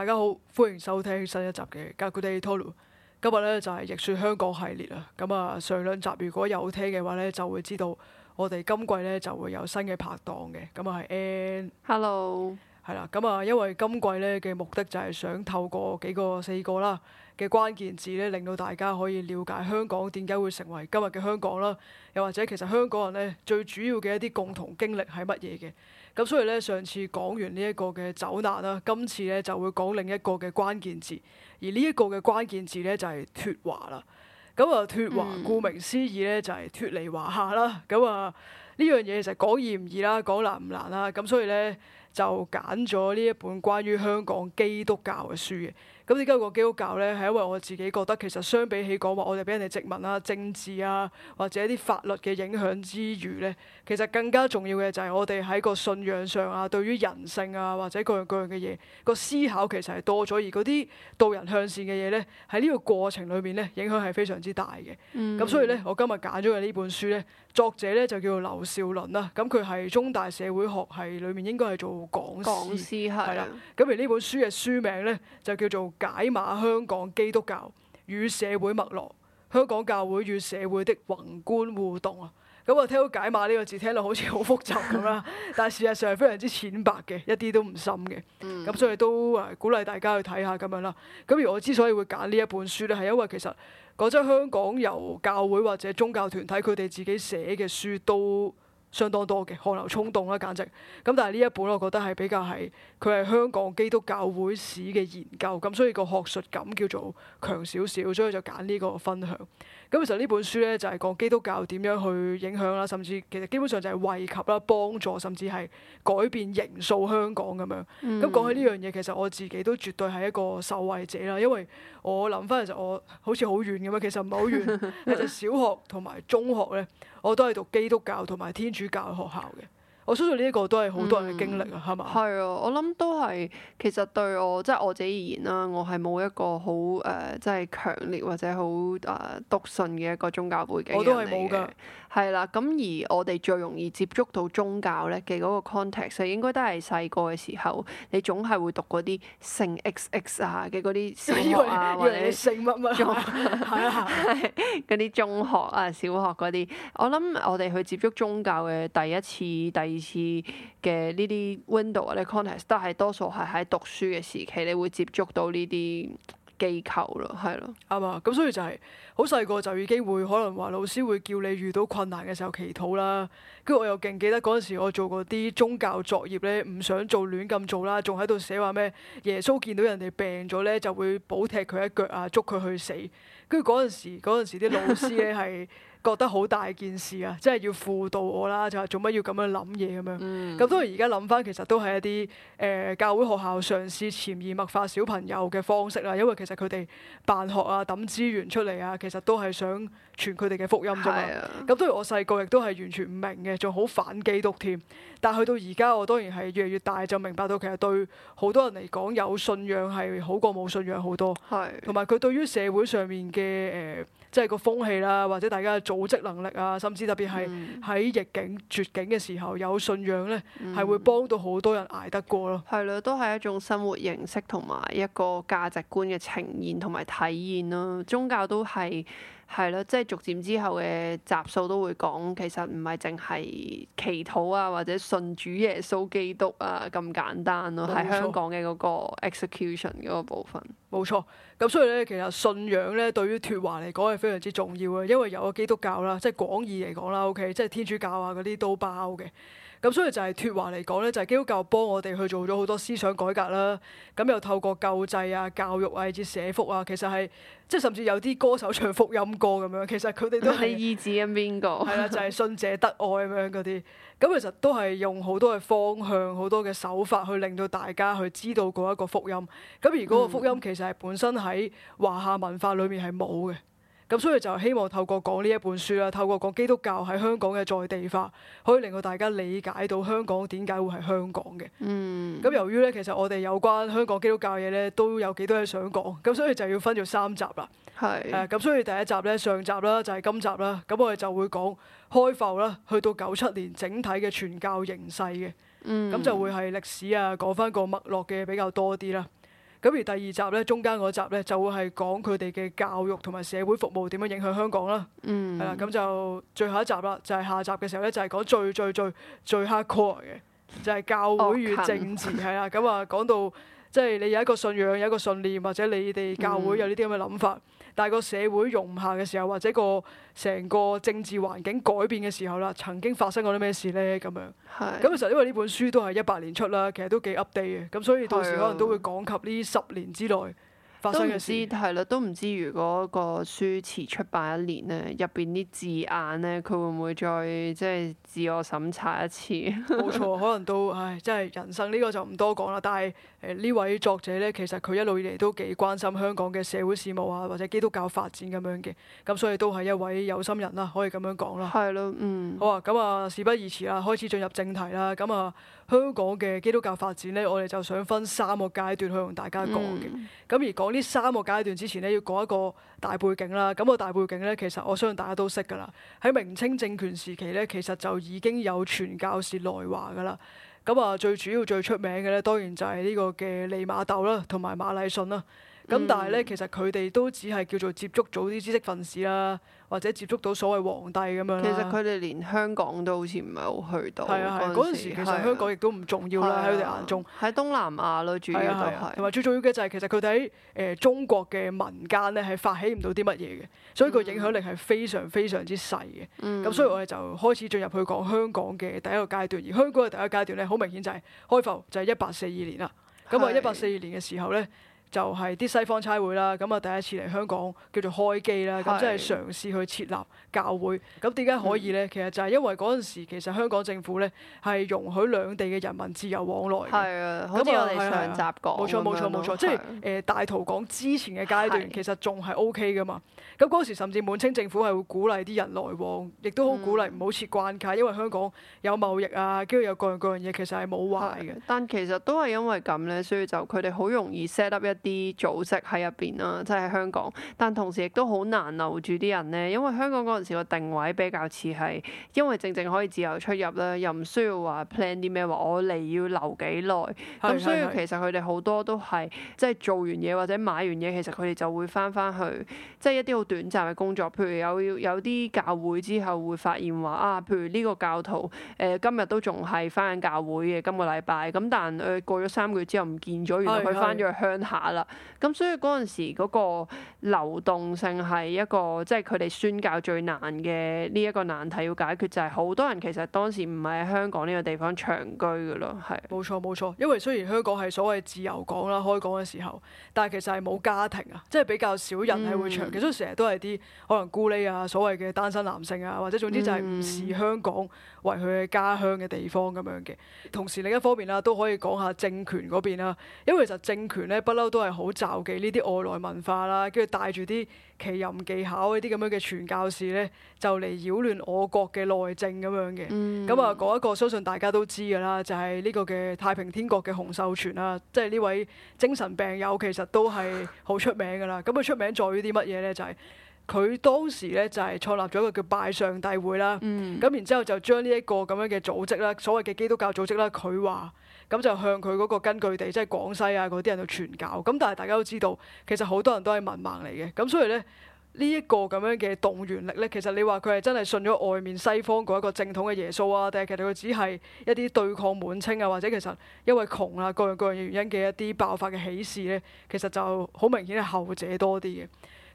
大家好，歡迎收聽新一集嘅《Good 格古地討論》。今日呢，就係逆說香港系列啦。咁啊，上兩集如果有聽嘅話呢，就會知道我哋今季呢，就會有新嘅拍檔嘅。咁啊係 N，Hello，係啦。咁啊，因為今季呢嘅目的就係想透過幾個四個啦嘅關鍵字呢，令到大家可以了解香港點解會成為今日嘅香港啦。又或者，其實香港人呢，最主要嘅一啲共同經歷係乜嘢嘅？咁所以咧，上次講完呢一個嘅走難啦，今次咧就會講另一個嘅關鍵字，而呢一個嘅關鍵字咧就係脫華啦。咁啊，脫華顧名思義咧就係脫離華夏啦。咁啊，呢樣嘢其實講易唔易啦，講難唔難啦。咁所以咧就揀咗呢一本關於香港基督教嘅書嘅。咁而家個基督教呢，係因為我自己覺得，其實相比起講話，我哋俾人哋殖民啊、政治啊，或者啲法律嘅影響之餘呢，其實更加重要嘅就係我哋喺個信仰上啊，對於人性啊，或者各樣各樣嘅嘢，個思考其實係多咗，而嗰啲導人向善嘅嘢呢，喺呢個過程裏面呢，影響係非常之大嘅。咁、嗯、所以呢，我今日揀咗嘅呢本書呢。作者咧就叫做劉少麟啦，咁佢係中大社會學系裏面應該係做講師，係啦。咁而呢本書嘅書名咧就叫做《解碼香港基督教與社會脈絡：香港教會與社會的宏觀互動》啊。咁啊，我聽到解碼呢個字，聽落好似好複雜咁啦，但事實上係非常之淺白嘅，一啲都唔深嘅。咁、嗯、所以都誒鼓勵大家去睇下咁樣啦。咁而我之所以會揀呢一本書咧，係因為其實。講真，香港由教會或者宗教團體佢哋自己寫嘅書都相當多嘅，汗牛充棟啦，簡直。咁但係呢一本我覺得係比較係佢係香港基督教會史嘅研究，咁所以個學術感叫做強少少，所以就揀呢個分享。咁其實呢本書咧就係、是、講基督教點樣去影響啦，甚至其實基本上就係惠及啦、幫助甚至係改變形塑香港咁樣。咁、嗯、講起呢樣嘢，其實我自己都絕對係一個受惠者啦，因為我諗翻其實我好似好遠咁樣，其實唔係好遠，其實 小學同埋中學咧，我都係讀基督教同埋天主教學校嘅。我相信呢一個都係好多人嘅經歷啊，係嘛、嗯？係吧啊，我諗都係其實對我即係、就是、我自己而言啦，我係冇一個好誒，即、呃、係強烈或者好誒篤信嘅一個宗教背景。我都係冇㗎，係啦、啊。咁而我哋最容易接觸到宗教咧嘅嗰個 context，應該都係細個嘅時候，你總係會讀嗰啲聖 XX 啊嘅嗰啲書啊，或者你姓乜乜啊，啲 中學啊、小學啲。我諗我哋去接觸宗教嘅第一次、第次嘅呢啲 window 啊，你 context，都係多數係喺讀書嘅時期，你會接觸到呢啲機構咯，係咯，啱啊。咁所以就係好細個就已經會可能話老師會叫你遇到困難嘅時候祈禱啦。跟住我又勁記得嗰陣時我做過啲宗教作業咧，唔想做亂咁做啦，仲喺度寫話咩耶穌見到人哋病咗咧就會補踢佢一腳啊，捉佢去死。跟住嗰陣時嗰陣時啲老師咧係。覺得好大件事啊！即係要輔導我啦，就話做乜要咁樣諗嘢咁樣。咁當然而家諗翻，其實都係一啲誒、呃、教會學校嘗試潛移默化小朋友嘅方式啦。因為其實佢哋辦學啊、揼資源出嚟啊，其實都係想傳佢哋嘅福音啫嘛、啊。咁當然我細個亦都係完全唔明嘅，仲好反基督添。但係去到而家，我當然係越嚟越大，就明白到其實對好多人嚟講，有信仰係好過冇信仰好多。係。同埋佢對於社會上面嘅誒、呃，即係個風氣啦，或者大家。組織能力啊，甚至特別係喺逆境、嗯、絕境嘅時候，有信仰呢，係會幫到好多人捱得過咯。係喇，都係一種生活形式同埋一個價值觀嘅呈現同埋體現咯。宗教都係。係咯，即係逐漸之後嘅集數都會講，其實唔係淨係祈禱啊，或者信主耶穌基督啊咁簡單咯。係冇錯，香港嘅嗰個 execution 嗰個部分。冇錯，咁所以咧，其實信仰咧對於脫華嚟講係非常之重要嘅，因為有個基督教啦，即係廣義嚟講啦，OK，即係天主教啊嗰啲都包嘅。咁所以就係脱華嚟講咧，就係、是、基督教幫我哋去做咗好多思想改革啦。咁又透過救濟啊、教育啊、以至社福啊，其實係即係甚至有啲歌手唱福音歌咁樣，其實佢哋都係意指緊邊個？係啦，就係、是、信者得愛咁樣嗰啲。咁其實都係用好多嘅方向、好 多嘅手法去令到大家去知道嗰一個福音。咁而嗰個福音其實係本身喺華夏文化裏面係冇嘅。咁所以就希望透過講呢一本書啦，透過講基督教喺香港嘅在地化，可以令到大家理解到香港點解會係香港嘅。嗯。咁由於咧，其實我哋有關香港基督教嘢咧，都有幾多嘢想講，咁所以就要分咗三集啦。係是。咁、啊、所以第一集咧，上集啦，就係今集啦。咁我哋就會講開埠啦，去到九七年整體嘅傳教形勢嘅。嗯。咁就會係歷史啊，講返個脈絡嘅比較多啲啦。咁而第二集咧，中間嗰集咧就會係講佢哋嘅教育同埋社會服務點樣影響香港啦。係啦、嗯，咁就最後一集啦，就係、是、下集嘅時候咧，就係、是、講最最最最 hardcore 嘅，就係、是、教會與政治係啦。咁啊惡勤，講到。即係你有一個信仰有一個信念或者你哋教會有呢啲咁嘅諗法，嗯、但係個社會容唔下嘅時候，或者個成個政治環境改變嘅時候啦，曾經發生過啲咩事呢？咁樣？咁其實因為呢本書都係一八年出啦，其實都幾 update 嘅，咁所以到時可能都會講及呢十年之內。發生嘅事都知係啦，都唔知如果個書遲出版一年咧，入邊啲字眼咧，佢會唔會再即係自我審查一次？冇錯， 可能都係即係人生呢個就唔多講啦。但係誒呢位作者呢，其實佢一路以嚟都幾關心香港嘅社會事務啊，或者基督教發展咁樣嘅，咁所以都係一位有心人啦，啊，可以咁樣講啦。係咯，嗯。好啊，咁啊，事不宜遲啦，開始進入正題啦。咁啊，香港嘅基督教發展呢，我哋就想分三個階段去同大家講嘅，嗯。咁而呢三個階段之前呢，要講一個大背景啦。咁、這個大背景呢，其實我相信大家都識噶啦。喺明清政權時期呢，其實就已經有傳教士來華噶啦。咁、嗯、啊，最主要最出名嘅呢，當然就係呢個嘅利瑪竇啦，同埋馬禮遜啦。咁但係咧，其實佢哋都只係叫做接觸早啲知識分子啦，或者接觸到所謂皇帝咁樣。其實佢哋連香港都好似唔係好去到。係啊係，嗰陣時其實香港亦都唔重要啦喺佢哋眼中。喺東南亞咯，主要都係。同埋最重要嘅就係其實佢哋喺誒中國嘅民間咧係發起唔到啲乜嘢嘅，所以佢影響力係非常非常之細嘅。咁所以我哋就開始進入去講香港嘅第一個階段，而香港嘅第一個階段咧，好明顯就係開埠，就係一八四二年啦。咁啊，一八四二年嘅時候咧。就係啲西方差會啦，咁啊，第一次嚟香港叫做開基啦，咁即係嘗試去設立教會。咁點解可以呢？其實就係因為嗰陣時其實香港政府呢係容許兩地嘅人民自由往來嘅。係啊，好似我哋上集講。冇錯冇錯冇錯，即係誒大逃港之前嘅階段，其實仲係 O K 㗎嘛。咁嗰時甚至滿清政府係會鼓勵啲人來往，亦都好鼓勵唔好設關卡，因為香港有貿易啊，跟住有各樣各樣嘢，其實係冇壞嘅。但其實都係因為咁呢，所以就佢哋好容易 set up 一。啲組織喺入邊啦，即係香港，但同時亦都好難留住啲人咧，因為香港嗰陣時個定位比較似係，因為正正可以自由出入啦，又唔需要話 plan 啲咩話，我嚟要留幾耐，咁是所以其實佢哋好多都係即係做完嘢或者買完嘢，其實佢哋就會翻翻去，即係一啲好短暫嘅工作，譬如有有啲教會之後會發現話啊，譬如呢個教徒誒、呃、今日都仲係翻緊教會嘅，今個禮拜咁，但誒過咗三個月之後唔見咗，原來佢翻咗去鄉下。是是啦，咁所以嗰陣時嗰個流動性係一個即係佢哋宣教最難嘅呢一個難題，要解決就係好多人其實當時唔係喺香港呢個地方長居嘅咯。係，冇錯冇錯，因為雖然香港係所謂自由港啦，開港嘅時候，但係其實係冇家庭啊，即係比較少人係會長居，所以成日都係啲可能咕喱啊，所謂嘅單身男性啊，或者總之就係唔視香港為佢嘅家鄉嘅地方咁樣嘅。同時另一方面啦，都可以講下政權嗰邊啦，因為其實政權呢。不嬲都。都係好詐忌呢啲外來文化啦，跟住帶住啲奇淫技巧呢啲咁樣嘅傳教士呢，就嚟擾亂我國嘅內政咁樣嘅。咁啊、嗯，講一個相信大家都知噶啦，就係、是、呢個嘅太平天國嘅洪秀全啦，即係呢位精神病友其實都係好出名噶啦。咁佢 出名在於啲乜嘢呢？就係、是、佢當時呢，就係、是、創立咗一個叫拜上帝會啦。咁、嗯、然之後就將呢一個咁樣嘅組織啦，所謂嘅基督教組織啦，佢話。咁就向佢嗰個根據地，即係廣西啊嗰啲人去傳教。咁但係大家都知道，其實好多人都係文盲嚟嘅。咁所以呢，呢、這、一個咁樣嘅動員力呢，其實你話佢係真係信咗外面西方嗰一個正統嘅耶穌啊，定係其實佢只係一啲對抗滿清啊，或者其實因為窮啊，各樣各樣，各樣原因嘅一啲爆發嘅起事呢，其實就好明顯係後者多啲嘅。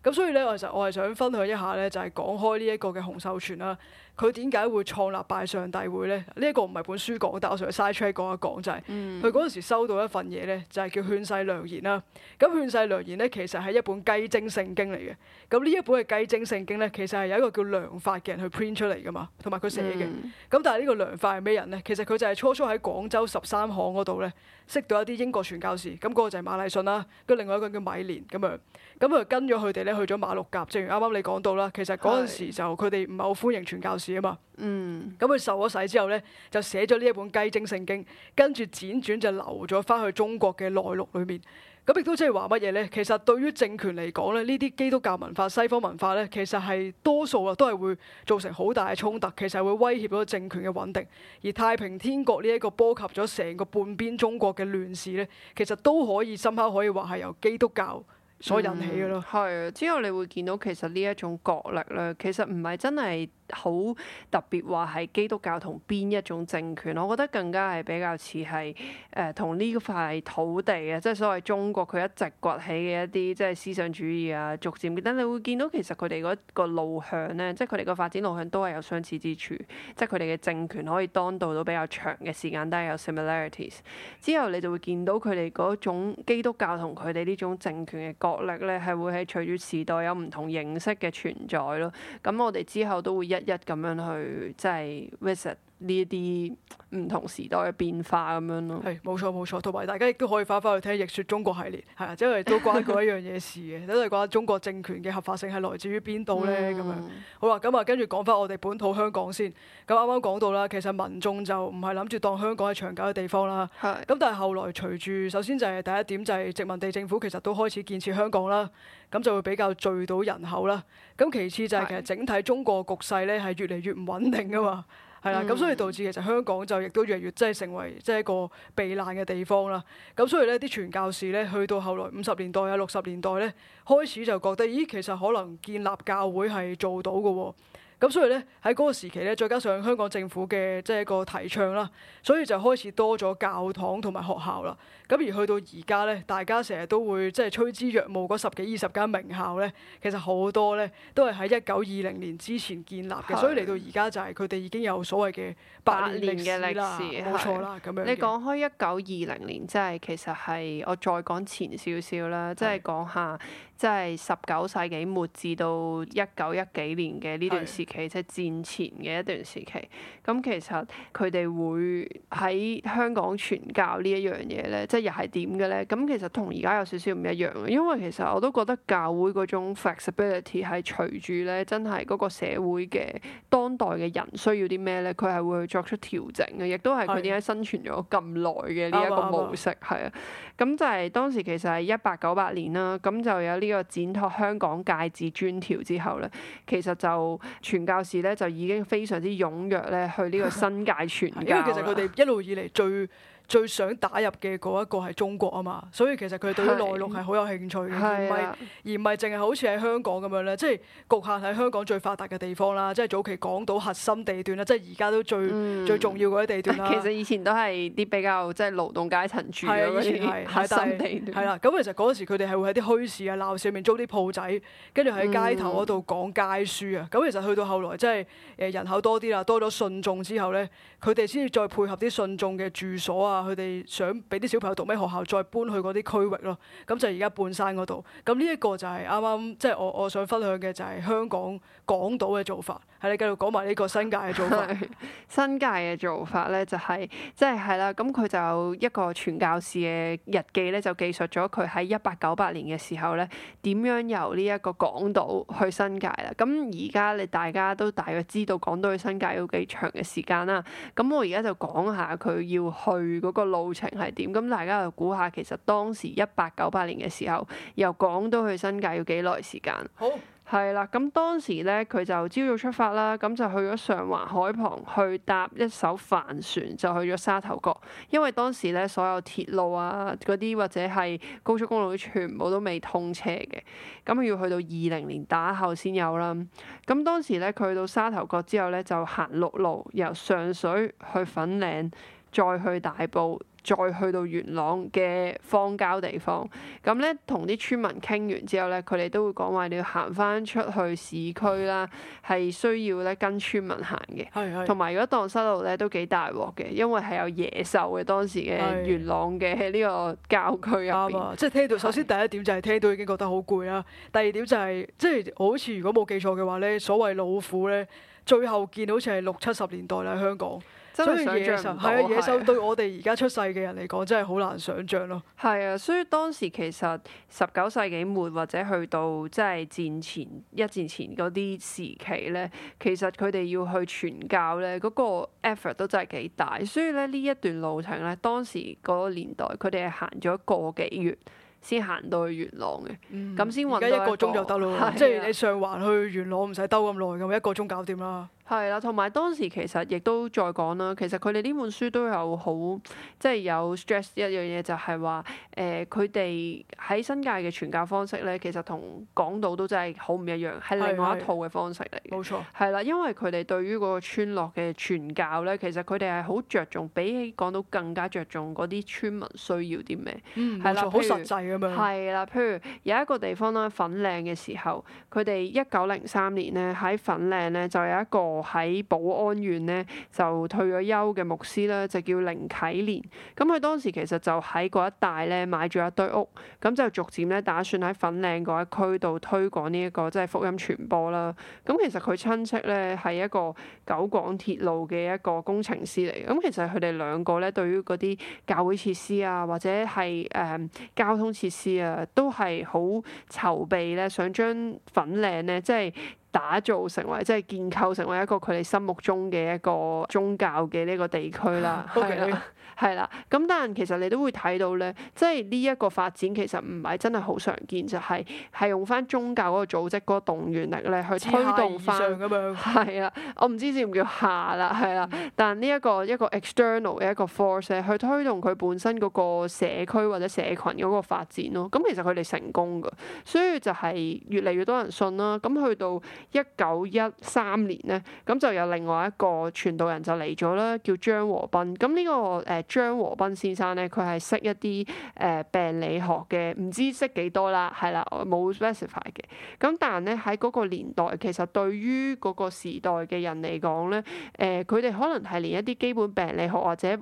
咁所以呢，我其實我係想分享一下呢，就係、是、講開呢一個嘅洪秀全啦、啊。佢點解會創立拜上帝會呢？呢、這個、一個唔係本書講，但我上去講講、就是、side track 講一講就係，佢嗰陣時收到一份嘢呢，就係、是、叫勸世良言啦。咁勸世良言呢，其實係一本雞精聖經嚟嘅。咁呢一本嘅雞精聖經呢，其實係有一個叫梁發嘅人去 print 出嚟噶嘛，同埋佢寫嘅。咁、嗯、但係呢個梁發係咩人呢？其實佢就係初初喺廣州十三行嗰度呢識到一啲英國傳教士。咁、那、嗰個就係馬禮遜啦，跟另外一個叫米憐咁樣。咁佢跟咗佢哋呢去咗馬六甲，正如啱啱你講到啦。其實嗰陣時就佢哋唔係好歡迎傳教士。啊嘛，嗯，咁佢受咗洗之後呢，就寫咗呢一本《雞精聖經》，跟住輾轉就流咗翻去中國嘅內陸裏面。咁亦都即係話乜嘢呢？其實對於政權嚟講咧，呢啲基督教文化、西方文化呢，其實係多數啊，都係會造成好大嘅衝突，其實係會威脅到政權嘅穩定。而太平天國呢一個波及咗成個半邊中國嘅亂事呢，其實都可以深刻可以話係由基督教所引起嘅咯。係、嗯、之後你會見到其實呢一種角力咧，其實唔係真係。好特別話係基督教同邊一種政權，我覺得更加係比較似係誒同呢塊土地啊，即係所謂中國佢一直崛起嘅一啲即係思想主義啊，逐漸。但你會見到其實佢哋嗰個路向咧，即係佢哋個發展路向都係有相似之處，即係佢哋嘅政權可以當道到比較長嘅時間，但係有 similarities。之後你就會見到佢哋嗰種基督教同佢哋呢種政權嘅角力咧，係會係隨住時代有唔同形式嘅存在咯。咁我哋之後都會一一一咁樣去，即係 visit。呢啲唔同時代嘅變化咁樣咯，係冇錯冇錯，同埋大家亦都可以翻返去聽《逆説中國》系列，係啊，即係都關過一樣嘢事嘅，都係講中國政權嘅合法性係來自於邊度呢？咁、嗯、樣。好啦，咁啊跟住講翻我哋本土香港先。咁啱啱講到啦，其實民眾就唔係諗住當香港係長久嘅地方啦。係的。咁但係後來隨住，首先就係第一點就係殖民地政府其實都開始建設香港啦，咁就會比較聚到人口啦。咁其次就係其實整體中國局勢咧係越嚟越唔穩定㗎嘛。的 係啦，咁、 嗯、 所以導致其實香港就亦都越嚟越即係成為即係一個避難嘅地方啦。咁所以咧，啲傳教士咧去到後來五十年代啊、六十年代咧，開始就覺得，咦，其實可能建立教會係做到嘅喎、哦。咁所以咧，喺嗰個時期咧，再加上香港政府嘅即係一個提倡啦，所以就開始多咗教堂同埋學校啦。咁而去到而家咧，大家成日都會即係趨之若慕趨之若鶩嗰十幾二十間名校咧，其實好多咧都係喺一九二零年之前建立嘅，的所以嚟到而家就係佢哋已經有所謂嘅百年嘅歷、歷史，冇錯啦。咁的樣你講開一九二零年，即係其實係我再講前少少啦，即係講下。即係十九世紀末至到一九一幾年嘅呢段時期，即係是戰前嘅一段時期。咁其實佢哋會喺香港傳教呢一、就是、樣嘢咧，即係又係點嘅咧？咁其實同而家有少少唔一樣嘅，因為其實我都覺得教會嗰種 flexibility 係隨住咧，真係嗰個社會嘅當代嘅人需要啲咩咧，佢係會去作出調整嘅，亦都係佢點解生存咗咁耐嘅呢一個模式係啊。咁是是就係當時其實係一八九八年啦，咁就有呢個展拓香港界址專條之後咧，其實就傳教士咧就已經非常之踴躍咧去呢個新界傳教。 因為其實佢哋一路以嚟最最想打入嘅嗰一個係中國啊嘛，所以其實佢哋對於內陸係好有興趣，嘅是的，而唔係而唔係淨係好似喺香港咁樣咧，即係局限喺香港最發達嘅地方啦，即係早期港島核心地段啦，即係而家都最、嗯、最重要嗰啲地段啦。其實以前都係啲比較即係勞動階層住嗰啲核心地段。係啦，咁 其實嗰陣時佢哋係會喺啲墟市啊、鬧市入面租啲鋪仔，跟住喺街頭嗰度講街書啊。咁、嗯、其實去到後來，即係誒人口多啲啦，多咗信眾之後咧，佢哋先至再配合啲信眾嘅住所啊。佢哋想俾啲小朋友讀咩學校，再搬去嗰啲區域咯。咁就而家半山嗰度。咁呢一個就係啱啱即係我我想分享嘅，就係香港港島嘅做法。係，你繼續講埋呢個新界嘅做法。 新界嘅做法咧就係、是、即係係啦。咁佢就一個傳教士嘅日記咧，就記述咗佢喺一八九八年嘅時候咧點樣由呢一個港島去新界啦。咁而家你大家都大約知道港島去新界要幾長嘅時間啦。咁我而家就講下佢要去。嗰個路程係點？咁大家就估下，其實當時一八九八年嘅時候，由港島去新界要幾耐時間？好，係啦。咁當時咧，佢就朝早出發啦，咁就去咗上環海旁去搭一艘帆船，就去咗沙頭角。因為當時咧，所有鐵路啊、嗰啲或者係高速公路都全部都未通車嘅，咁要去到二零年打後先有啦。咁當時咧，佢去到沙頭角之後咧，就行陸路，由上水去粉嶺。再去大埔，再去到元朗嘅荒郊地方，咁呢，同啲村民傾完之後呢，佢哋都會講話你要行返出去市區啦，係的需要咧跟村民行嘅，同埋如果蕩失路呢都幾大鑊嘅，因為係有野獸嘅，當時嘅元朗嘅呢個郊區入邊的。即係聽到首先第一點就係聽到已經覺得好攰啦，的第二點就係、是、即係好似如果冇記錯嘅話呢，所謂老虎呢，最後見到好似係六七十年代啦，香港。所以野獸係啊，野獸對我哋而家出世嘅人嚟講，的真係好難想像咯。係啊，所以當時其實十九世紀末或者去到即係戰前、一戰前嗰啲時期咧，其實佢哋要去傳教咧，嗰、嗰個 effort 都真係幾大。所以咧，呢一段路程咧，當時嗰個年代佢哋係行咗個幾月先行到去元朗嘅。咁先而家一個鐘就得咯，即係的你上環去元朗唔使兜咁耐，咁一個鐘搞掂啦。係啦，同埋當時其實亦都再講啦。其實佢哋呢本書都有好，即係有 stress 一樣嘢，就係話誒，佢哋喺新界嘅傳教方式咧，其實同港島都真係好唔一樣，係另外一套嘅方式嚟嘅。冇錯是。係啦的，因為佢哋對於嗰個村落嘅傳教咧，其實佢哋係好着重，比起港島更加着重嗰啲村民需要啲咩。嗯。係啦，好實際咁樣。係啦，譬如有一個地方啦，粉嶺嘅時候，佢哋一九零三年咧喺粉嶺咧就有一個。喺寶安縣咧，就退咗休嘅牧師啦，就叫凌啟年。咁佢當時其實就喺嗰一帶咧買咗一堆屋，咁就逐漸咧打算喺粉嶺嗰一區度推廣呢一個即係、就是、福音傳播啦。咁其實佢親戚咧係一個九廣鐵路嘅一個工程師嚟嘅。咁其實佢哋兩個咧對於嗰啲教會設施啊，或者係誒、嗯、交通設施啊，都係好籌備咧，想將粉嶺咧即係。就是打造成為即係建構成為一個佢哋心目中嘅一個宗教嘅呢個地區啦，係 的。啦。 係啦，咁但係其實你都會睇到咧，即係呢一個發展其實唔係真係好常見，就係、是、係用翻宗教嗰個組織嗰個動員力咧去推動翻。係啦，我唔知叫唔叫下啦，係啦，但係呢一個一個 external 嘅一個 force 咧去推動佢本身嗰個社區或者社群嗰個發展咯。咁其實佢哋成功㗎，所以就係越嚟越多人信啦。咁去到一九一三年咧，咁就有另外一個傳道人就嚟咗啦，叫張和斌。咁呢、呢個誒。呃張和斌先生咧，佢係識一啲誒病理學嘅，唔知識幾多啦，係啦，冇 specify 嘅。咁但係咧喺嗰個年代，其實對於嗰個時代嘅人嚟講咧，誒佢哋可能係連一啲基本病理學或者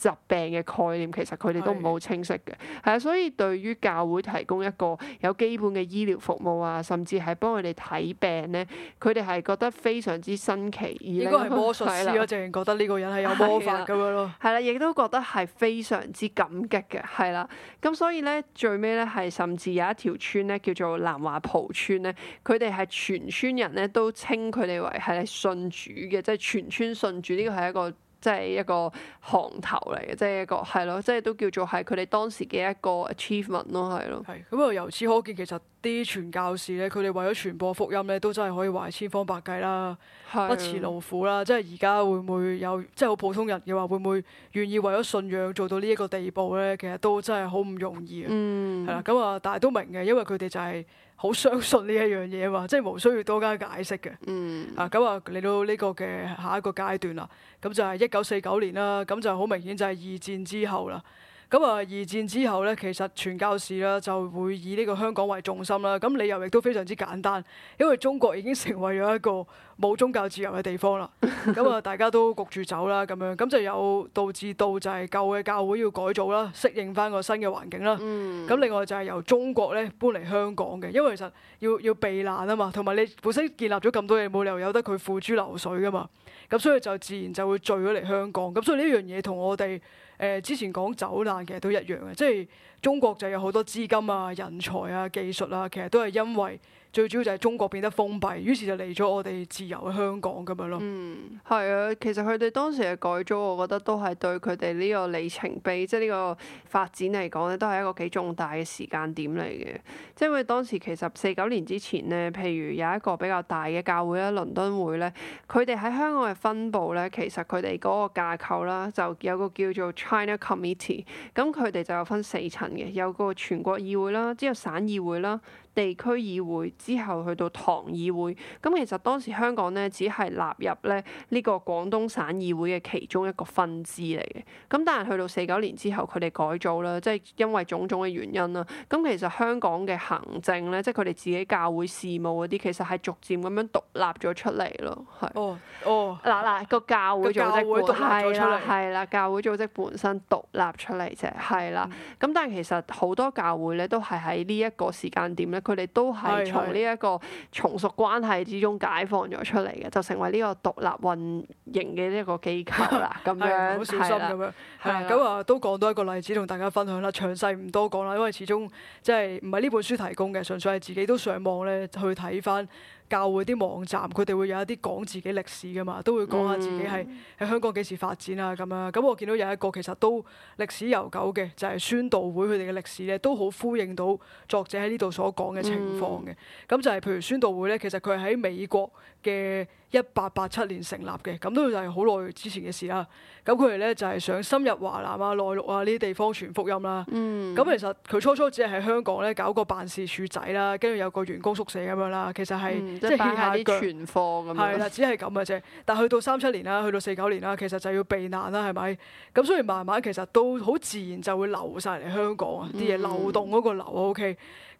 疾病嘅概念，其實佢哋都唔好清晰嘅，係啊的，所以對於教會提供一個有基本嘅醫療服務啊，甚至係幫佢哋睇病咧，佢哋係覺得非常之新奇。應該係魔術師啊，淨係的覺得呢個人係有魔法咁樣咯。係啦，亦都覺得係非常之感激嘅，係啦。咁所以咧，最尾咧係甚至有一條村咧，叫做南華蒲村咧，佢哋係全村人咧都稱佢哋為係信主嘅，即係全村信主，呢個係一個。即係一個行頭嚟嘅，即係一個係咯，即係都叫做係佢哋當時嘅一個 achievement 咯，係咯。係咁啊，由此可見其實啲傳教士咧，佢哋為咗傳播福音咧，都真係可以話係千方百計啦，係。不辭勞苦啦。即係而家會唔會有，即係好普通人嘅話，會唔會願意為咗信仰做到呢一個地步咧？其實都真係好唔容易嘅。嗯。係啦，咁啊，但係都明嘅，因為佢哋就係。好相信呢一樣嘢嘛，即係無需要多加解釋嘅。嗯，啊咁啊嚟到呢個嘅下一個階段啦，咁就係一九四九年啦，咁就好明顯就係二戰之後啦。咁啊，二戰之後咧，其實傳教士啦就會以呢個香港為重心啦。咁理由亦都非常之簡單，因為中國已經成為咗一個冇宗教自由嘅地方啦。咁啊，大家都焗住走啦，咁樣咁就有導致到就係舊嘅教會要改造啦，適應翻個新嘅環境啦。咁、mm. 另外就係由中國咧搬嚟香港嘅，因為其實要要避難啊嘛，同埋你本身建立咗咁多嘢，冇理由由得佢付諸流水噶嘛。咁所以就自然就會聚咗嚟香港。咁所以呢樣嘢同我哋。誒，之前講走難其實都一樣嘅。即係中國就有好多資金啊、人才啊、技術啊，其實都係因為。最主要就係中國變得封閉，於是就嚟咗我哋自由嘅香港咁樣咯。嗯，係啊，其實佢哋當時嘅改組，我覺得都係對佢哋呢個里程碑，即係呢個發展嚟講咧，都係一個幾重大嘅時間點嚟嘅。即係因為當時其實四九年之前咧，譬如有一個比較大嘅教會咧，倫敦會咧，佢哋喺香港嘅分部咧，其實佢哋嗰個架構啦，就有個叫做 China Committee，咁佢哋就有分四層嘅，有個全國議會啦，之後省議會啦。地區議會之後去到堂議會，咁其實當時香港咧只係納入咧呢個廣東省議會嘅其中一個分支嚟嘅。咁但係去到四九年之後，佢哋改造啦，即係因為種種嘅原因啦。咁其實香港嘅行政咧，即係佢哋自己教會事務嗰啲，其實係逐漸咁樣獨立咗出嚟咯。係、哦。哦哦。嗱嗱，個教會組織係啦，啦，教會組織本身獨立出嚟啫，係啦。咁、嗯、但係其實好多教會咧都係喺呢一個時間點咧。佢哋都係從呢一個從屬關係之中解放咗出嚟嘅，就成為呢個獨立運營嘅一個機構啦。咁樣好 小心咁樣，係啦。咁啊，都講多一個例子同大家分享啦，詳細唔多講啦，因為始終即係唔係呢本書提供嘅，純粹係自己都上網咧去睇翻。教會啲網站，佢哋會有一啲講自己歷史嘅嘛，都會講下自己係喺香港幾時發展啊咁樣。咁我見到有一個其實都歷史悠久嘅，就係宣道會佢哋嘅歷史咧，都好呼應到作者喺呢度所講嘅情況嘅。咁就係譬如宣道會咧，其實佢係喺美國嘅一八八七年成立嘅，咁都就係好耐之前嘅事啦。咁佢哋咧就係想深入華南啊、內陸啊呢啲地方傳福音啦。咁其實佢初初只係喺香港咧搞個辦事處仔啦，跟住有個員工宿舍咁樣啦，其實係。嗯即係欠下啲存貨咁樣腳。係啦，只係咁嘅啫。但係去到三七年啦，去到四九年啦，其實就要避難啦，係咪？咁所以慢慢其實都好自然就會流晒嚟香港啊，啲嘢流動嗰個流 OK。咁、嗯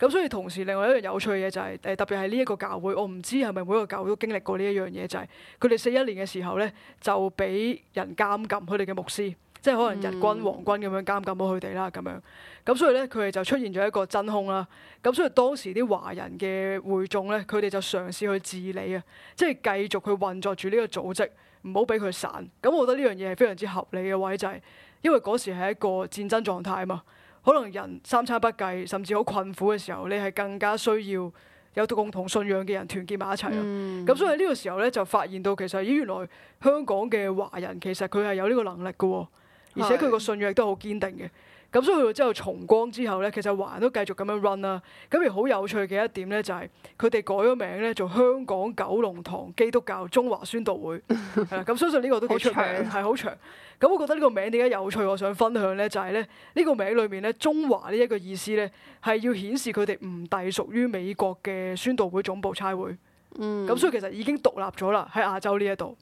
okay。所以同時另外一樣有趣嘅就係、是、誒，特別係呢一個教會，我唔知係咪每個教會都經歷過呢一樣嘢，就係佢哋四一年嘅時候咧就俾人監禁佢哋嘅牧師。即係可能日軍、皇軍咁樣監禁到佢哋啦，咁樣咁所以咧，佢哋就出現咗一個真空啦。咁所以當時啲華人嘅會眾咧，佢哋就嘗試去治理啊，即係繼續去運作住呢個組織，唔好俾佢散。咁我覺得呢樣嘢係非常之合理嘅位就係，因為嗰時係一個戰爭狀態嘛，可能人三餐不繼，甚至好困苦嘅時候，你係更加需要有共同信仰嘅人團結埋一齊。咁、嗯、所以呢個時候咧，就發現到其實咦原來香港嘅華人其實佢係有呢個能力嘅喎。而且佢個信約亦都好堅定嘅，咁所以去到之後重光之後咧，其實華人都繼續咁樣 run 啦。咁而好有趣嘅一點咧，就係佢哋改咗名咧，做香港九龍塘基督教中華宣道會。係啦， 咁相信呢個都幾出名，係好 長。咁我覺得呢個名點解有趣？我想分享咧，就係咧呢個名裏面咧，中華呢一個意思咧，係要顯示佢哋唔隸屬於美國嘅宣道會總部差會。咁 所以其實已經獨立咗啦，喺亞洲呢一度。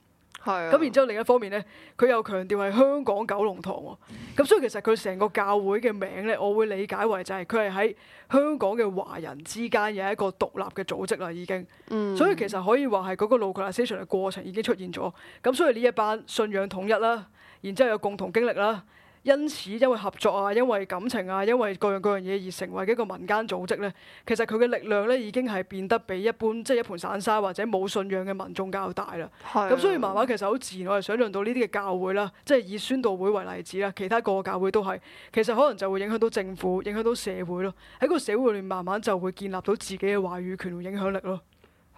係。咁是、啊、然之後另一方面咧，佢又強調係香港九龍堂喎、哦。咁所以其實佢成個教會嘅名咧，我會理解為就係佢係喺香港嘅華人之間有一個獨立嘅組織啦，已經。嗯、所以其實可以話係嗰個 localization 嘅過程已經出現咗。咁所以呢一班信仰統一啦，然之後有共同經歷啦。因此，因為合作啊，因為感情啊，因為各樣各樣嘢而成為一個民間組織咧，其實佢嘅力量咧已經係變得比一般即係、就是、一盤散沙或者冇信仰嘅民眾較大啦。咁的所以慢慢其實好自然，我哋想象到呢啲嘅教會啦，即係以宣道會為例子啦，其他個個教會都係，其實可能就會影響到政府，影響到社會咯。喺個社會裏面慢慢就會建立到自己嘅話語權同影響力咯。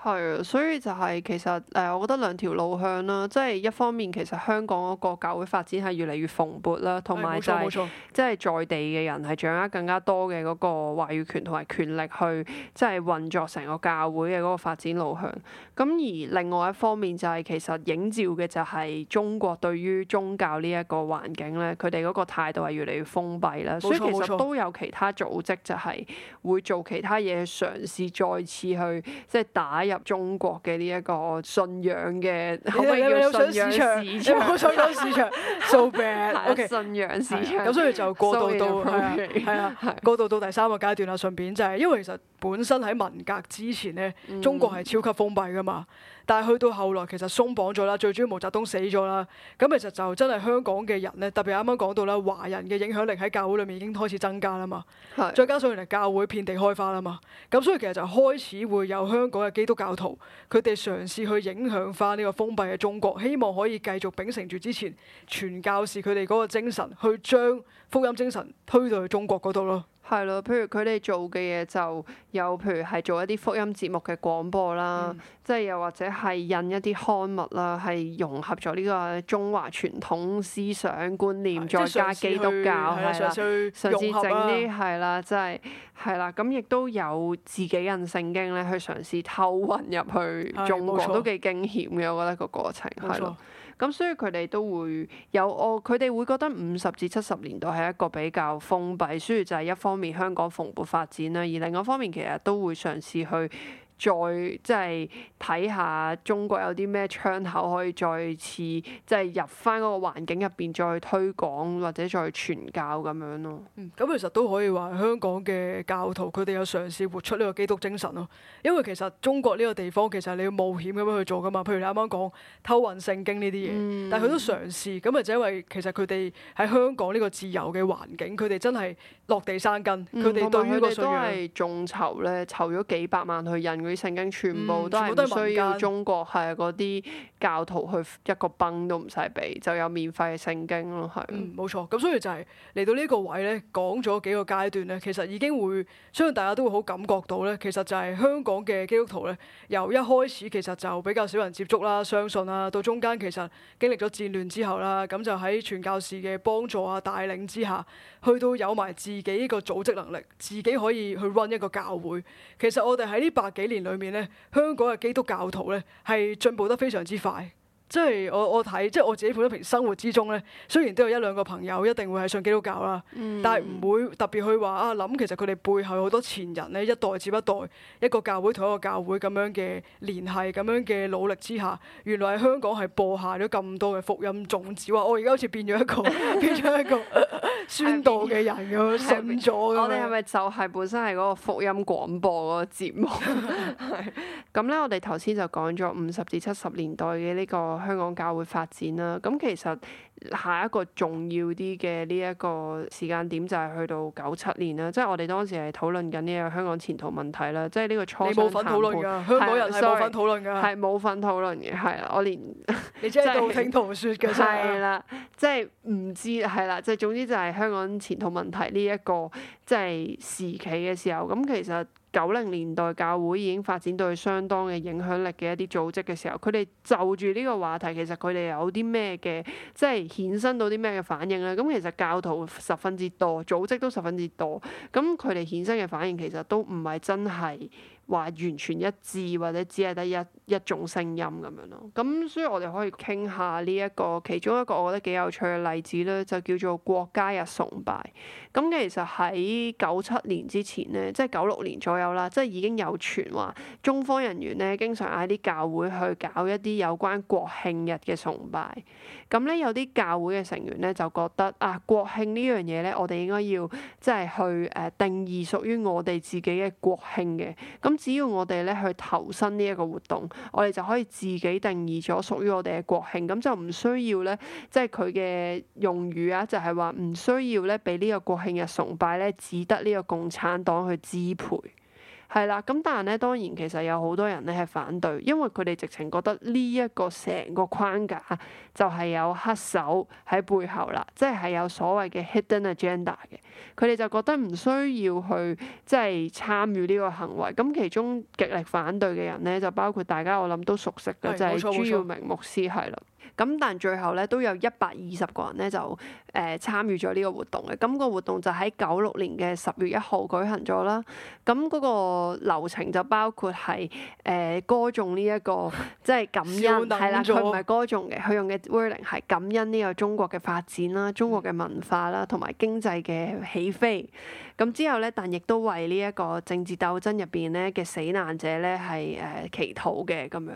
係啊，所以就係其實誒，我覺得兩條路向啦，即係一方面其實香港嗰個教會發展係越嚟越蓬勃啦，同埋就係即係在地嘅人係掌握更加多嘅嗰個話語權同埋權力去，即係運作成個教會嘅嗰個發展路向。咁而另外一方面就係其實映照嘅就係中國對於宗教呢一個環境咧，佢哋嗰個態度係越嚟越封閉啦。所以其實都有其他組織就係會做其他嘢嘗試再次去即係打。入中國嘅呢一個信仰嘅可唔可以叫信仰市場？我 想講市場，so bad、okay。 信仰市場咁，所以、啊、就過渡到係 啊，啊，過渡到，到第三個階段啦。順便就係、是、因為其實本身喺文革之前咧，中國係超級封閉噶嘛。嗯但係去到後來，其實鬆綁咗啦。最主要毛澤東死咗啦，咁其實就真係香港嘅人呢，特別啱啱講到啦，華人嘅影響力喺教會裏面已經開始增加啦嘛，的再加上原嚟教會遍地開花啦嘛，咁所以其實就開始會有香港嘅基督教徒，佢哋嘗試去影響翻呢個封閉嘅中國，希望可以繼續秉承住之前傳教士佢哋嗰個精神，去將福音精神推到去中國嗰度咯。係咯，譬如佢哋做嘅嘢就有，譬如係做一啲福音節目嘅廣播啦，即係又或者係印一啲刊物啦，係融合咗呢個中華傳統思想觀念，的再加基督教係啦，甚至整啲係啦，即係係啦。咁亦都有自己印聖經咧，去嘗試偷運入去中國，都幾驚險嘅。我覺得個過程係咯。沒錯 咁所以佢哋都會有哦，佢哋會覺得五十至七十年代係一個比較封閉，所以就係一方面香港蓬勃發展啦，而另外一方面其實都會嘗試去。再即係睇下中國有啲咩窗口可以再次即係入翻個環境入邊再推廣或者再傳教咁樣咯。咁、嗯、其實都可以話香港嘅教徒，佢哋有嘗試活出呢個基督精神咯。因為其實中國呢個地方其實你要冒險咁樣去做噶嘛。譬如你啱啱講偷運聖經呢啲嘢，嗯、但係佢都嘗試，咁誒，因為其實佢哋喺香港呢個自由嘅環境，佢哋真係落地生根。佢哋、嗯、對於佢哋都係眾籌咧，籌咗幾百萬去印。聖經全部都係需要中國係嗰啲教徒去一個崩都唔使俾，就有免費嘅聖經咯，係。冇錯，嗯。咁所以就係嚟到呢個位呢，講咗幾個階段呢，其實已經會相信大家都會好感覺到呢。其實就係香港嘅基督徒呢，由一開始其實就比較少人接觸啦、相信啦，到中間其實經歷咗戰亂之後啦，咁就喺傳教士嘅幫助啊、帶領之下，去到有埋自己一個組織能力，自己可以去 run 一個教會。其實我哋喺呢百幾年。裏面咧，香港嘅基督教徒咧，係進步得非常之快。即係我我睇，即係我自己本身平時生活之中咧，雖然都有一兩個朋友一定會係信基督教啦，嗯、但係唔會特別去話啊諗其實佢哋背後好多前人咧一代接一代一個教會同一個教會咁樣嘅聯繫，咁樣嘅努力之下，原來喺香港係播下咗咁多嘅福音種子我而家好似變咗一個 變咗一個宣道嘅人咁樣，咗咁 我哋係咪就係本身係嗰個福音廣播嗰個節目？咁咧， 我哋頭先就講咗五十至七十年代嘅呢、呢個。香港教會發展啦，咁其實下一個重要啲嘅呢一個時間點就係去到九七年啦，即係我哋當時係討論緊呢個香港前途問題啦，即係呢個初你冇份討論噶，香港潑人係冇份討論噶，係冇份討論嘅，係啦，我連你真係、 就是就是、道聽途說嘅，係啦，即係唔知，係啦，即係總之就係香港前途問題呢一個即係時期嘅時候，咁其實。九零年代教會已經發展到相當嘅影響力嘅一啲組織嘅時候，佢哋就住呢個話題，其實佢哋有啲咩嘅，即係衍生到啲咩嘅反應咧？咁其實教徒十分之多，組織都十分之多，咁佢哋衍生嘅反應其實都唔係真係話完全一致，或者只係得一一種聲音咁樣咯。咁所以我哋可以傾下呢、這、一個其中一個我覺得幾有趣嘅例子咧，就叫做國家日崇拜。咁其實喺九七年之前咧，即係九六年左右啦，即係已經有傳話，中方人員咧，經常嗌啲教會去搞一啲有關國慶日嘅崇拜。咁咧有啲教會嘅成員咧就覺得啊，國慶呢樣嘢咧，我哋應該要即係去誒定義屬於我哋自己嘅國慶嘅。咁只要我哋咧去投身呢一個活動，我哋就可以自己定義咗屬於我哋嘅國慶，咁就唔需要咧，即係佢嘅用語啊，就係話唔需要咧俾呢個國慶日崇拜咧，只得呢個共產黨去支配，係啦。咁但係咧，當然其實有好多人咧係反對，因為佢哋直情覺得呢一個成個框架就係有黑手喺背後啦，即係有所謂嘅 hidden agenda 嘅。佢哋就覺得唔需要去即係、就是、參與呢個行為。咁其中極力反對嘅人咧，就包括大家我諗都熟悉嘅，的就係朱耀明牧師，係啦錯。的咁但最後咧都有一百二十個人咧就誒、呃、參與咗呢個活動嘅。咁個活動就喺九六年嘅十月一號舉行咗啦。咁嗰個流程就包括係誒、呃、歌頌呢、這、一個即係感恩係啦。佢唔係歌頌嘅，佢用嘅 wording 係感恩呢個中國嘅發展啦，中國嘅文化啦，同埋經濟嘅起飛。咁之後咧，但亦都為呢一個政治鬥爭入邊咧嘅死難者咧係誒祈禱嘅咁樣。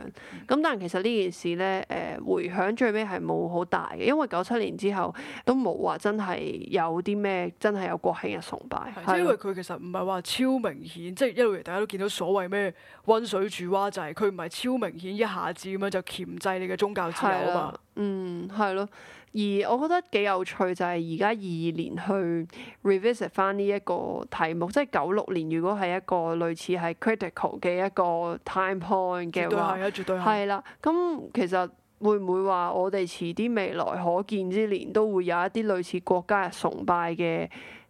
咁但係其實呢件事咧誒回響最尾係冇好大嘅，因為九七年之後都冇話真係有啲咩真係有國慶嘅崇拜，因為佢其實唔係話超明顯，了即係一路嚟大家都見到所謂咩温水煮蛙就係佢唔係超明顯一下子咁樣子就鉗制你嘅宗教自由嘛。嗯，係咯。而我覺得幾有趣就係而家二二年去 revisit 翻呢一個題目，即係九六年如果係一個類似係 critical 嘅一個 time point 嘅話，絕對係啊，絕對係啦。咁其實會唔會話我哋遲啲未來可見之年都會有一啲類似國家崇拜嘅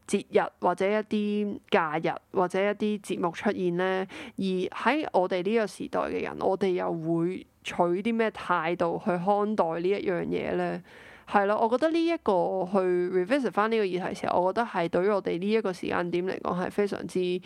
節日或者一啲假日或者一啲節目出現呢？而喺我哋呢個時代嘅人，我哋又會取啲咩態度去看待呢一樣嘢呢？係咯，我覺得呢、呢、一個去 revisit 翻呢個議題時候，我覺得係對於我哋呢一個時間點嚟講係非常之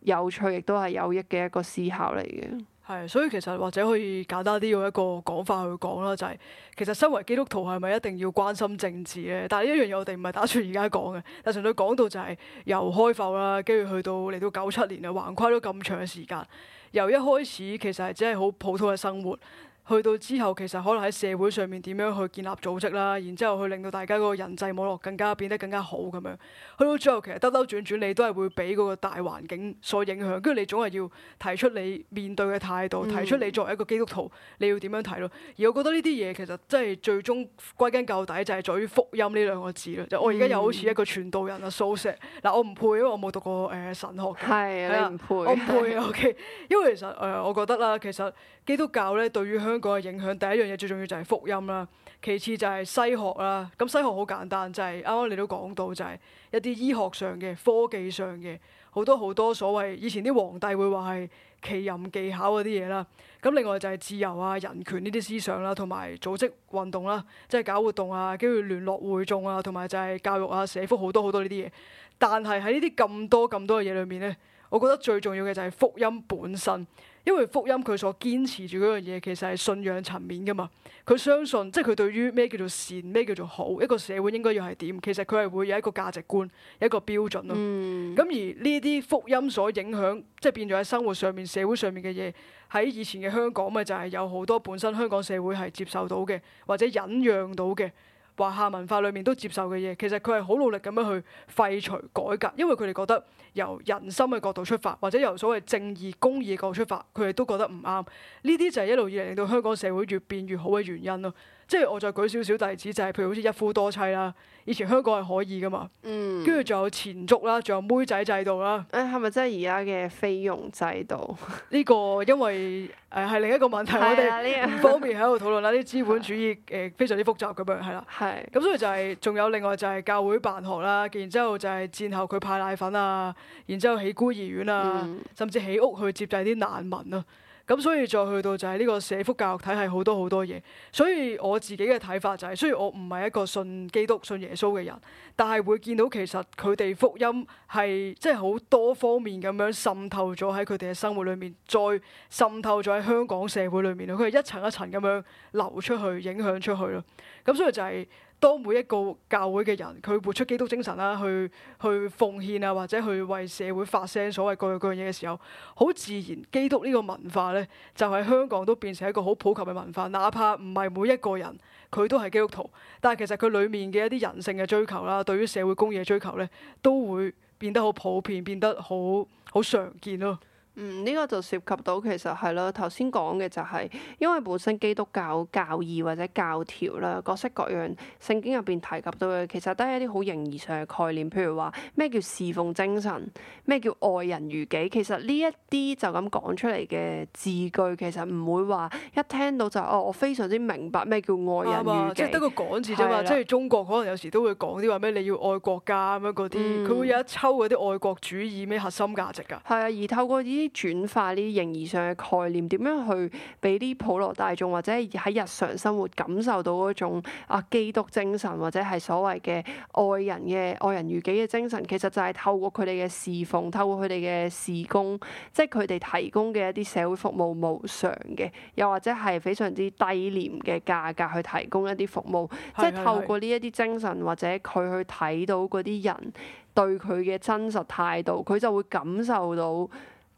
有趣，亦都係有益嘅一個思考嚟嘅。係，所以其實或者可以簡單啲用一個講法去講啦，就係、係、其實身為基督徒係咪一定要關心政治咧？但係呢一樣嘢我哋唔係打算而家講嘅。但係純粹講到就係由開埠啦，跟住去到嚟到九七年啦，橫跨咗咁長嘅時間，由一開始其實係只係好普通嘅生活。去到之後，其實可能喺社會上面點樣去建立組織啦，然之後去令到大家嗰個人際網絡更加變得更加好咁樣。去到最後，其實兜兜轉轉，你都係會俾嗰個大環境所影響，跟住你總係要提出你面對嘅態度，提出你作為一個基督徒你要點樣睇咯。而我覺得呢啲嘢其實真係最終歸根究底就係在於福音呢兩個字咯。就我而家又好似一個傳道人啦，蘇石嗱，我唔配，因為我冇讀過誒、呃、神學嘅。係，係，你唔配，我唔配 OK。因為其實誒、呃，我覺得啦，其實基督教咧對於香香港嘅影響，第一樣嘢最重要就係福音啦，其次就係西學啦。咁西學好簡單，就係啱啱你都講到，就係一啲醫學上嘅、科技上嘅，好多好多所謂以前啲皇帝會話係奇淫技巧嗰啲嘢啦。咁另外就係自由啊、人權呢啲思想啦，同埋組織運動啦，即係搞活動啊，跟住聯絡會眾啊，同埋就係教育啊、社福好多好多呢啲嘢。但係喺呢啲咁多咁多嘅嘢裏面咧，我覺得最重要嘅就係福音本身。因為福音佢所堅持住嗰樣嘢，其實係信仰層面㗎嘛，佢相信即係佢對於咩叫做善，咩叫做好，一個社會應該要係點，其實佢係會有一個價值觀，一個標準咯。咁、嗯、而呢啲福音所影響，即係變咗喺生活上面、社會上面嘅嘢，喺以前嘅香港咪就係、是、有好多本身香港社會係接受到嘅，或者忍讓到嘅。華夏文化裏面都接受嘅嘢，其實佢係好努力咁樣去廢除改革，因為佢哋覺得由人心嘅角度出發，或者由所謂正義公義嘅角度出發，佢哋都覺得唔啱。呢啲就係一路以嚟令到香港社會越變越好嘅原因咯。即係我再舉少少例子，就係、是、譬如好似一夫多妻啦，以前香港係可以㗎嘛，跟住仲有纏足啦，仲有妹仔制度啦，誒係咪真係而家嘅菲傭制度？呢個因為誒係、呃、另一個問題， 我哋唔方便喺度討論啦。啲 資本主義誒、呃、非常之複雜咁樣，係啦，係咁是所以就係、是、仲有另外就係教會辦學啦，然之後就係戰後佢派奶粉啊，然之後起孤兒院啊，嗯、甚至起屋去接濟啲難民啊。咁所以再去到就係呢個社福教育體系，好多好多嘢。所以我自己嘅睇法就係，雖然我唔係一個信基督、信耶穌嘅人，但係會見到其實佢哋福音係即係好多方面咁樣滲透咗喺佢哋嘅生活裏面，再滲透咗喺香港社會裏面，佢係一層一層咁樣流出去、影響出去咯。咁所以就係。當每一個教會嘅人，佢活出基督精神啦，去去奉獻啊，或者去為社會發聲，所謂各樣各樣嘢嘅時候，好自然，基督呢個文化咧，就喺香港都變成一個好普及嘅文化。哪怕唔係每一個人，佢都係基督徒，但係其實佢裡面嘅一啲人性嘅追求啦，對於社會公義嘅追求咧，都會變得好普遍，變得好好常見咯。嗯，呢個就涉及到其實係咯，頭先講嘅就係因為本身基督教教義或者教條啦，各式各樣聖經入邊提及到嘅，其實都係一啲好形而上嘅概念。譬如話咩叫侍奉精神，咩叫愛人如己。其實呢一啲就咁講出嚟嘅字句，其實唔會話一聽到就哦，我非常之明白咩叫愛人如己，即得個講字啫嘛。即係了中國可能有時都會講啲話咩你要愛國家咁樣嗰啲，佢、嗯、會有一抽嗰啲愛國主義咩核心價值㗎。係啊，而透過依啲轉化呢啲形而上嘅概念，點樣去俾啲普羅大眾或者喺日常生活感受到嗰種啊基督精神，或者係所謂嘅愛人嘅愛人如己嘅精神，其實就係透過佢哋嘅侍奉，透過佢哋嘅事工，即係佢哋提供嘅一啲社會服務無償嘅，又或者係非常之低廉嘅價格去提供一啲服務，是是是，即係透過呢一啲精神，或者佢去睇到嗰啲人對佢嘅真實態度，佢就會感受到。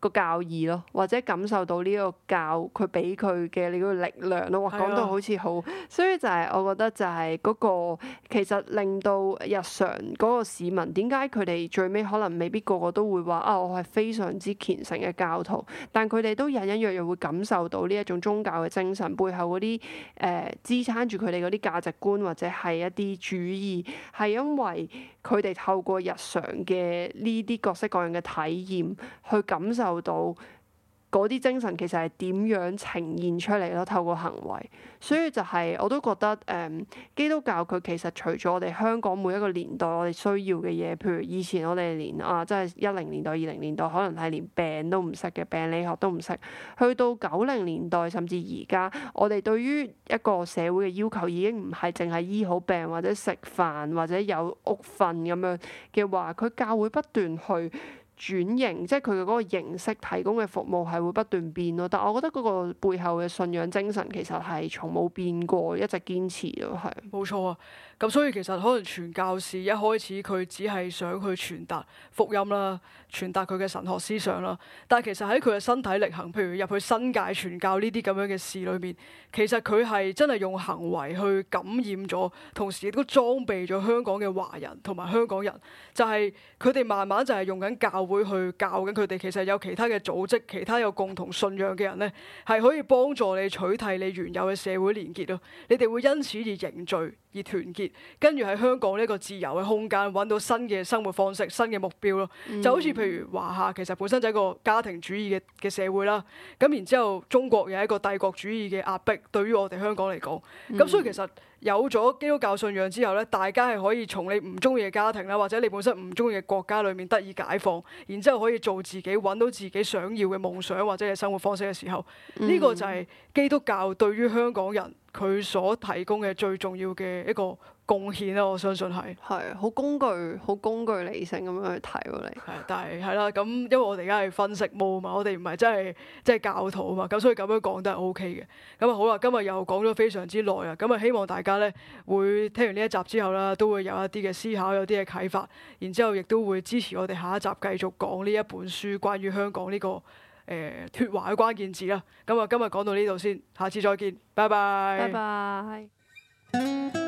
個教義咯，或者感受到呢個教佢俾佢嘅呢個力量咯，話講到好似好，所以就係我覺得就係嗰個其實令到日常嗰個市民，點解佢哋最尾可能未必個個都會話啊，我係非常之虔誠嘅教徒，但佢哋都隱隱約約會感受到呢一種宗教嘅精神背後嗰啲誒支撐住佢哋嗰啲價值觀或者係一啲主義，係因為。佢哋透過日常嘅呢啲各式各樣嘅體驗，去感受到。嗰啲精神其實係點樣呈現出嚟咯？透過行為，所以就係、是、我都覺得誒、嗯，基督教佢其實除咗我哋香港每一個年代我哋需要嘅嘢，譬如以前我哋連啊，即係一零年代、二零年代可能係連病都唔識嘅病理學都唔識，去到九零年代甚至而家，我哋對於一個社會嘅要求已經唔係淨係醫好病或者食飯或者有屋瞓咁樣嘅話，佢教會不斷去。轉型，即係佢嘅嗰個形式提供嘅服務係會不斷變咯，但我覺得嗰個背後嘅信仰精神其實係從冇變過，一直堅持咯，係。冇錯啊。咁所以其實可能傳教士一開始佢只係想去傳達福音啦，傳達佢嘅神學思想啦。但係其實喺佢嘅身體力行，譬如入去新界傳教呢啲咁樣嘅事裏面，其實佢係真係用行為去感染咗，同時亦都裝備咗香港嘅華人同埋香港人。就係佢哋慢慢就係用緊教會去教緊佢哋，其實有其他嘅組織，其他有共同信仰嘅人咧，係可以幫助你取替你原有嘅社會連結咯。你哋會因此而凝聚，而團結。跟住喺香港呢個自由嘅空間，揾到新嘅生活方式、新嘅目標咯。嗯、就好似譬如華夏，其實本身就係一個家庭主義嘅嘅社會啦。咁然之後，中國有一個帝國主義嘅壓迫，對於我哋香港嚟講，咁、嗯、所以其實有咗基督教信仰之後呢，大家係可以從你唔中意嘅家庭啦，或者你本身唔中意嘅國家裏面得以解放，然之後可以做自己，揾到自己想要嘅夢想或者係生活方式嘅時候，呢、嗯、個就係基督教對於香港人佢所提供嘅最重要嘅一個貢獻啦、啊，我相信係係好工具，好工具理性咁樣去睇過嚟。係，但係係啦，咁因為我哋而家係分析冇嘛，我哋唔係真係真係教徒啊嘛，咁所以咁樣講都係 O K 嘅。咁啊好啦，今日又講咗非常之耐啊，咁啊希望大家呢會聽完呢一集之後啦，都會有一啲嘅思考，有啲嘅啟發，然之後亦都會支持我哋下一集繼續講呢一本書關於香港呢、呢個誒脱、呃、華嘅關鍵字啦。咁啊今日講到呢度先，下次再見，拜拜，拜拜。